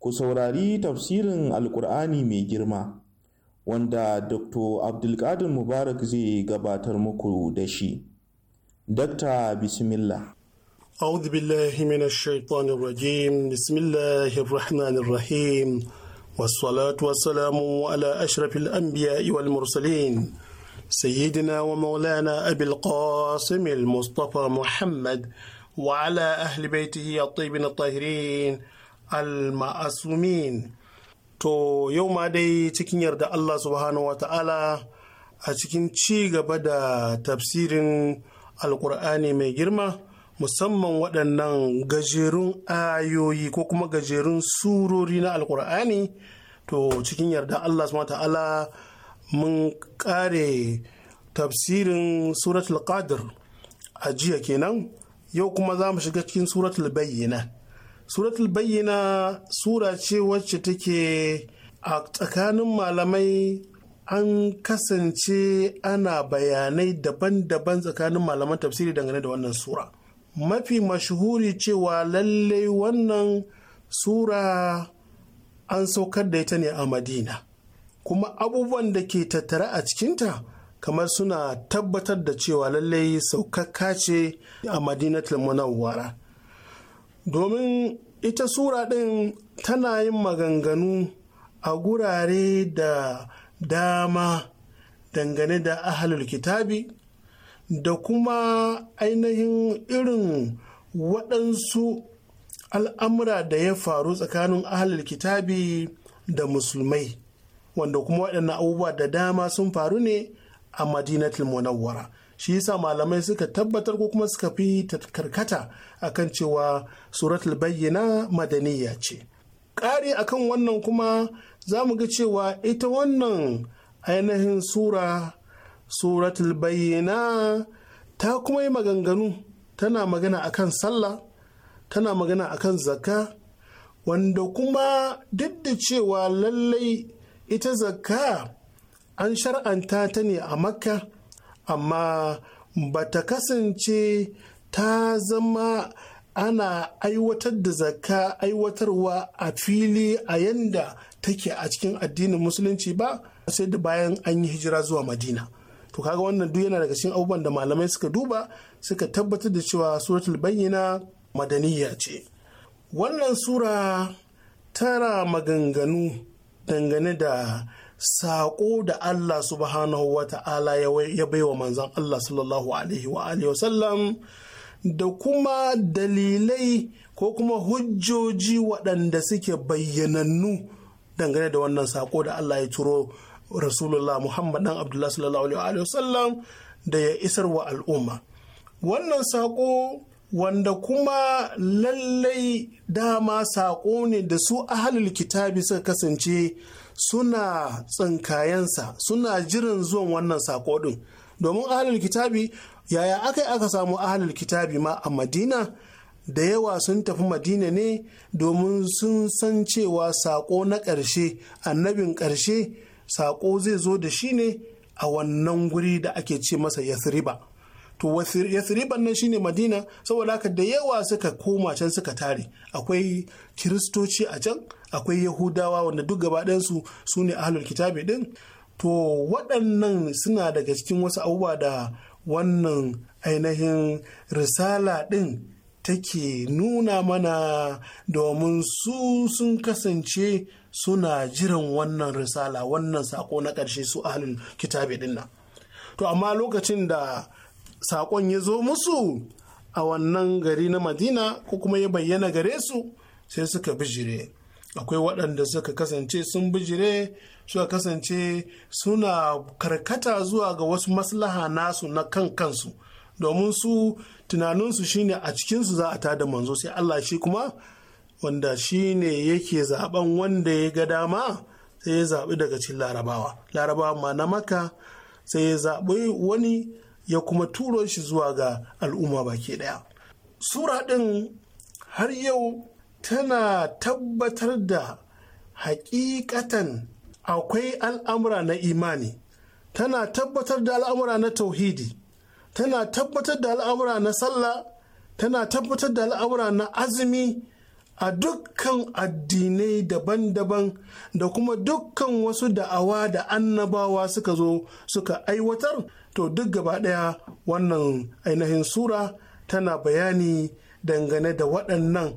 ku saurari tafsirin Alƙur'ani mai girma, wanda Dr. Abdulkadir Mubarak zai gabatar muku da shi. dr Bismillah. أعوذ بالله من الشيطان الرجيم بسم الله الرحمن الرحيم والصلاة والسلام على أشرف الأنبياء والمرسلين سيدنا ومولانا أبي القاسم المصطفى محمد وعلى أهل بيته الطيبين الطاهرين المعصومين to yau ma dai cikin yarda Allah subhanahu wata'ala a cikin ci gaba da tafsirin alkur'ani mai girma musamman waɗannan gajerun ayoyi ko kuma gajerun surori na alkur'ani to cikin yarda Allah subhanahu wata'ala mun kare tafsirin suratul qadr a jiya kenan yau kuma za mu shiga cikin suratul bayyana suratul bayyana sura ce wacce take a tsakanin malamai an kasance ana bayanai daban-daban tsakanin malaman tafsiri dangane da wannan sura mafi mashuhuri cewa lallai wannan sura an saukar da ita ne a madina kuma abubuwan da ke tattare a cikinta kamar suna tabbatar da cewa lallai saukakka ce a madinatul munawwara domin ita sura ɗin tana yin maganganu a gurare da dama dangane da ahalul kitabi da kuma ainihin irin waɗansu al'amura da ya faru tsakanin ahalul kitabi da musulmai wanda kuma waɗannan abubuwa da dama sun faru ne a madinatul munawwara shi yasa malamai suka tabbatar ko kuma suka fi karkata akan cewa suratul bayyana madaniya ce ƙari akan wannan kuma za mu ga cewa ita wannan ainihin sura suratul bayyana ta kuma yi maganganu tana magana akan sallah tana magana akan zakka wanda kuma duk da cewa lallai ita zakka an shar'anta ta ne a makka amma ba ta kasance ta zama ana aiwatar da zakka aiwatarwa a fili a yanda take a cikin addinin musulunci ba sai da bayan an yi hijira zuwa madina to kaga wannan duk yana daga cikin abubuwan da malamai suka duba suka tabbatar da cewa suratul bayyana madaniya ce wannan sura tara maganganu dangane da saƙo da Allah subhanahu wa ta'ala ya baiwa manzan Allah sallallahu alaihi wa wasallam da kuma dalilai ko kuma hujjoji waɗanda suke bayyanannu dangane da wannan sako da Allah ya turo rasulullah Muhammad ɗan Abdullah sallallahu alaihi wa sallam da ya isar wa al'umma wannan saƙo wanda kuma lallai dama saƙo ne da su ahalil kitabi suka kasance suna tsinkayensa suna jiran zuwan wannan saƙo ɗin domin ahalil kitabi yaya aka yi aka samu ahalil kitabi ma a madina da yawa sun tafi madina ne domin sun san cewa saƙo na ƙarshe annabin ƙarshe saƙo zai zo da shi ne a wannan guri da ake ce masa yathriba. to yasiriban nan shine madina saboda haka da yawa suka koma can suka tare akwai kiristoci a can akwai yahudawa wanda duk gaba su su ne ahlul kitabi din to waɗannan suna daga cikin wasu abubuwa da wannan ainihin risala din take nuna mana domin su sun kasance suna jiran wannan risala wannan sako na ƙarshe su ahlul kitabi din to amma lokacin da saƙon ya zo musu a wannan gari na madina ko kuma ya bayyana gare su sai suka bijire akwai waɗanda suka kasance sun bijire suka kasance suna karkata zuwa ga wasu maslaha nasu na kan kansu domin su tunaninsu shine a cikinsu za a tada manzo sai allah shi kuma wanda shi ne yake zaben wanda ya ga dama sai ya zaɓi daga cikin larabawa larabawa ma na maka sai ya zaɓi wani ya kuma turo shi zuwa ga al'umma baki ɗaya sura ɗin har yau tana tabbatar da hakikatan akwai al'amura na imani tana tabbatar da al'amura na tauhidi tana tabbatar da al'amura na sallah tana tabbatar da al'amura na azumi a dukkan addinai daban-daban da kuma dukkan wasu da'awa da annabawa suka zo suka aiwatar to duk gaba ɗaya wannan ainihin sura tana bayani dangane da waɗannan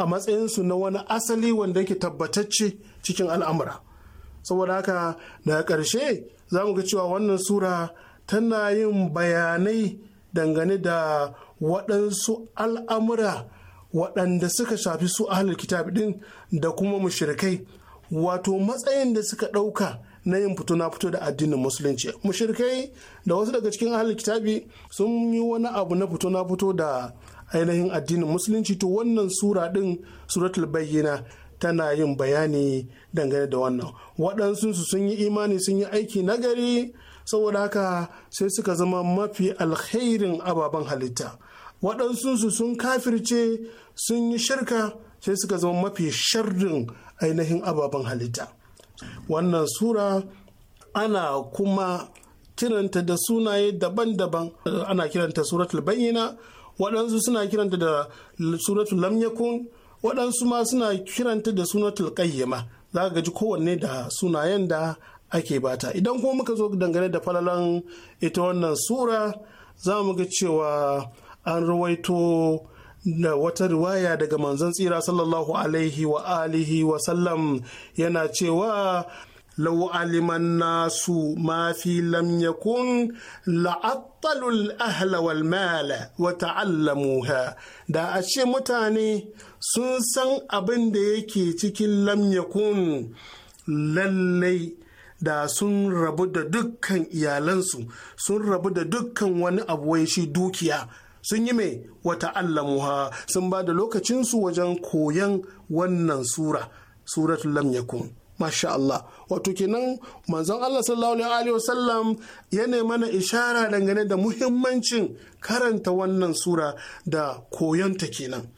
a matsayinsu na wani asali wanda yake tabbatacce cikin al'amura saboda haka daga ƙarshe za mu ga cewa wannan sura tana yin bayanai dangane da waɗansu al'amura waɗanda suka shafi su ahalar kitab ɗin da kuma mushrikai wato matsayin da suka ɗauka na yin fito na fito da addinin musulunci mushrikai da wasu daga cikin ahalin kitabi sun yi wani abu na fito na fito da ainihin addinin musulunci to wannan sura din suratul bayyana tana yin bayani dangane da wannan waɗansu su sun yi imani sun yi aiki na gari saboda haka sai suka zama mafi alkhairin ababen halitta waɗansu sun kafirce sun yi shirka sai suka zama mafi sharrin ainihin ababen halitta wannan sura ana kuma kiranta da sunaye daban-daban ana kiranta suratul bayyina waɗansu suna kiranta da suratul lamyakun waɗansu ma suna kiranta da suratul qayyima za ka ji kowanne da sunayen da ake bata idan kuma muka zo dangane da falalan ita wannan sura za mu ga cewa an rawaito da wata riwaya daga manzon tsira sallallahu alaihi wa alihi wa sallam yana cewa law aliman nasu ma fi lam ahla wal mala wa da a ce mutane sun san abin da yake cikin lamyakun lallai da sun rabu da dukkan iyalansu sun rabu da dukkan wani abu wai shi dukiya sun yi mai wata allamuha sun ba da lokacinsu wajen koyan wannan sura suratul lam yakun masha Allah wato kenan manzon Allah sallallahu alaihi wasallam ya mana ishara dangane da muhimmancin karanta wannan sura da koyon koyonta kenan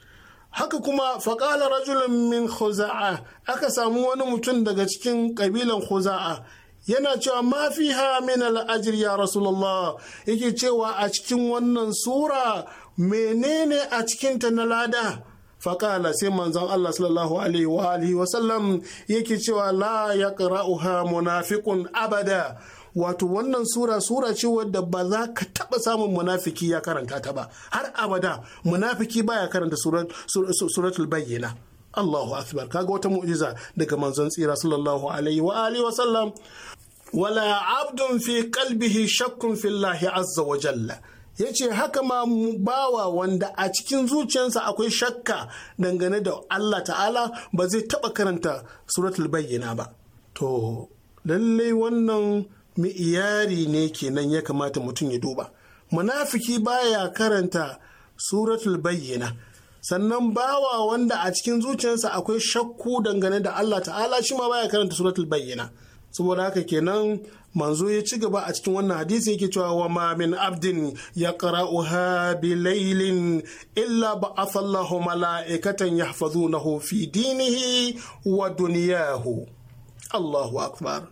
haka kuma faƙala rajulun min khuza'a aka samu wani mutum daga cikin ƙabilan khuza'a yana cewa mafi ha min al'ajir ya rasulullah yake cewa a cikin wannan sura menene a cikinta na lada faƙala sai manzon Allah sallallahu alaihi wa alihi wa sallam yake cewa la yaqra'uha munafiqun abada wato wannan sura sura ce wadda ba za ka taba samun munafiki ya karanta ta ba har abada munafiki baya karanta suratul bayyana. Allahu akbar kaga wata mu'jiza daga manzon tsira sallallahu alaihi wa alihi wa sallam wala abdun fi kalbihi shakkun fillahi azza wa jalla ya ce haka ma bawa wanda a cikin zuciyarsa akwai shakka dangane da Allah ta'ala ba zai taɓa karanta suratul bayyana ba to lallai wannan mi'iyari ne kenan ya kamata mutum ya duba munafiki baya karanta suratul bayyana sannan bawa wanda a cikin zuciyarsa akwai shakku dangane da Allah ta'ala shi ma baya karanta suratul bayyana saboda haka kenan manzo ya ci gaba a cikin wannan hadisi yake cewa wa ma min abdin ya qara'uha bi laylin illa ba'atha Allahu mala'ikatan yahfazunahu fi dinihi wa dunyahu Allahu akbar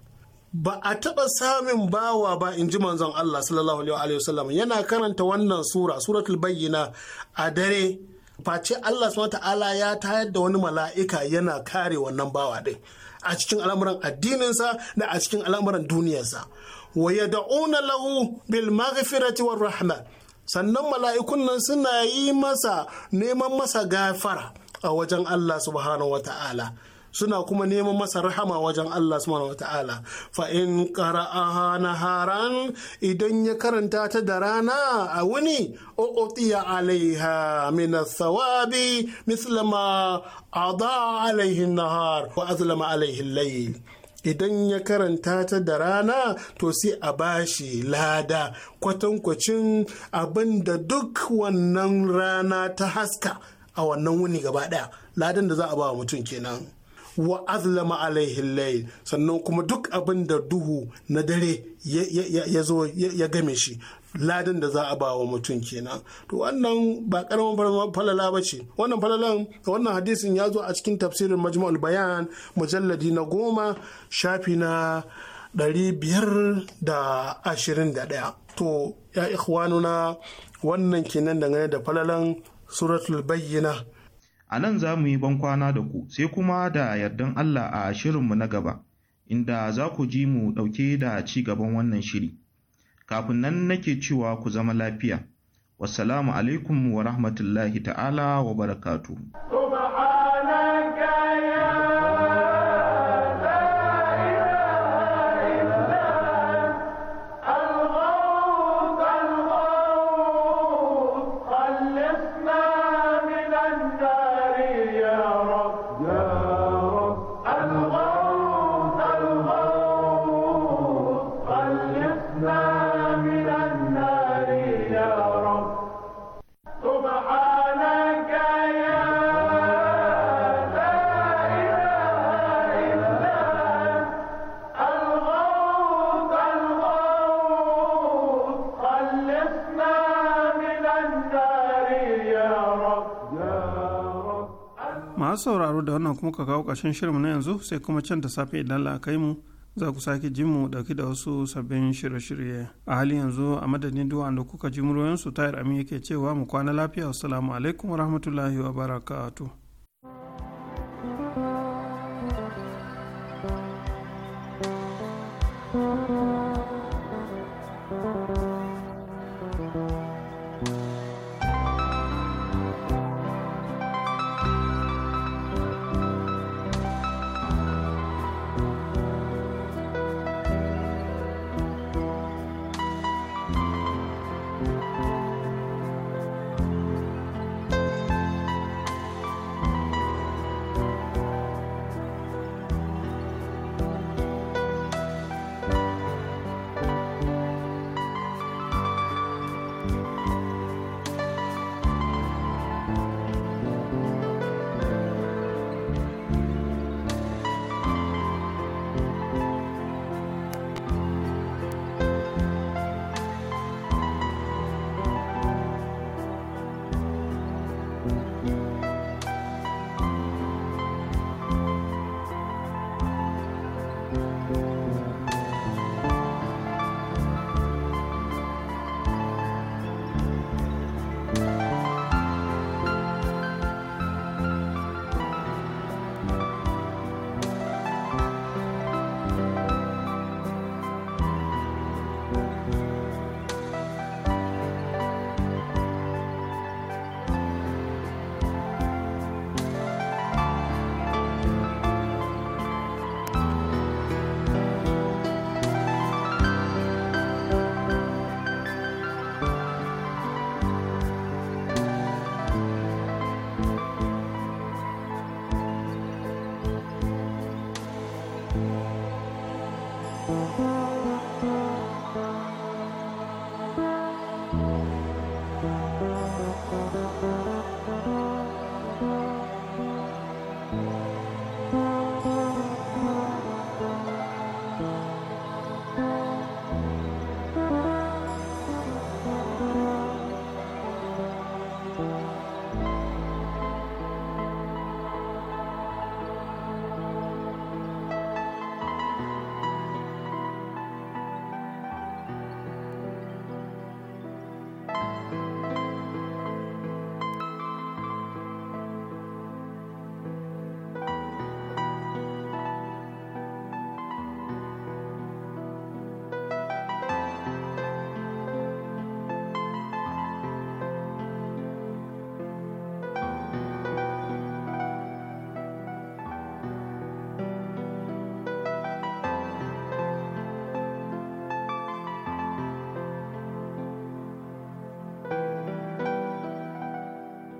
ba a taɓa samun bawa ba in ji manzon Allah sallallahu alaihi wasallam yana karanta wannan sura suratul bayyina a dare face Allah subhanahu ta'ala ya tayar da wani mala'ika yana kare wannan bawa din a cikin al'amuran addininsa da a cikin al'amuran duniyarsa wa yad'una lahu bil maghfirati war rahma sannan mala'ikun nan suna yi masa neman masa gafara a wajen Allah subhanahu wa ta'ala suna kuma neman masa rahama wajen Allah subhanahu wata'ala fa in qara'aha naharan idan ya karanta ta da rana a wuni uqtiya alaiha min thawabi mislama ada alaihi nahar wa azlama alaihi layl idan ya karanta ta da rana to sai a bashi lada kwatankwacin abin da duk wannan rana ta haska a wannan wuni gaba daya ladan da za a ba mutum kenan. wa azlama alaihi lai, sannan kuma duk abin da duhu na dare ya zo ya game shi Ladin da za a ba wa mutum kenan to wannan ba karamin falala ba ce wannan falalan wannan hadisin ya zo a cikin tafsirin majmu'ul bayan mujalladi na goma shafi na 521 to ya ikhwanuna wannan kenan dangane da falalan suratul bayyana A nan za mu yi bankwana da ku sai kuma da yardan Allah a shirinmu na gaba, inda za ku ji mu ɗauke da ci gaban wannan shiri. Kafin nan nake cewa ku zama lafiya. Wassalamu alaikum wa rahmatullahi ta'ala wa barakatu. sauraro da wannan kuma ka kawo ƙarshen shirinmu na yanzu sai kuma can da safe idan la kai mu za ku sake jin mu dauki da wasu sabbin shirye-shirye a halin yanzu a madadin duwa da kuka ji muryoyinsu tayar amin yake cewa mu kwana lafiya assalamu alaikum rahmatullahi wa barakatuh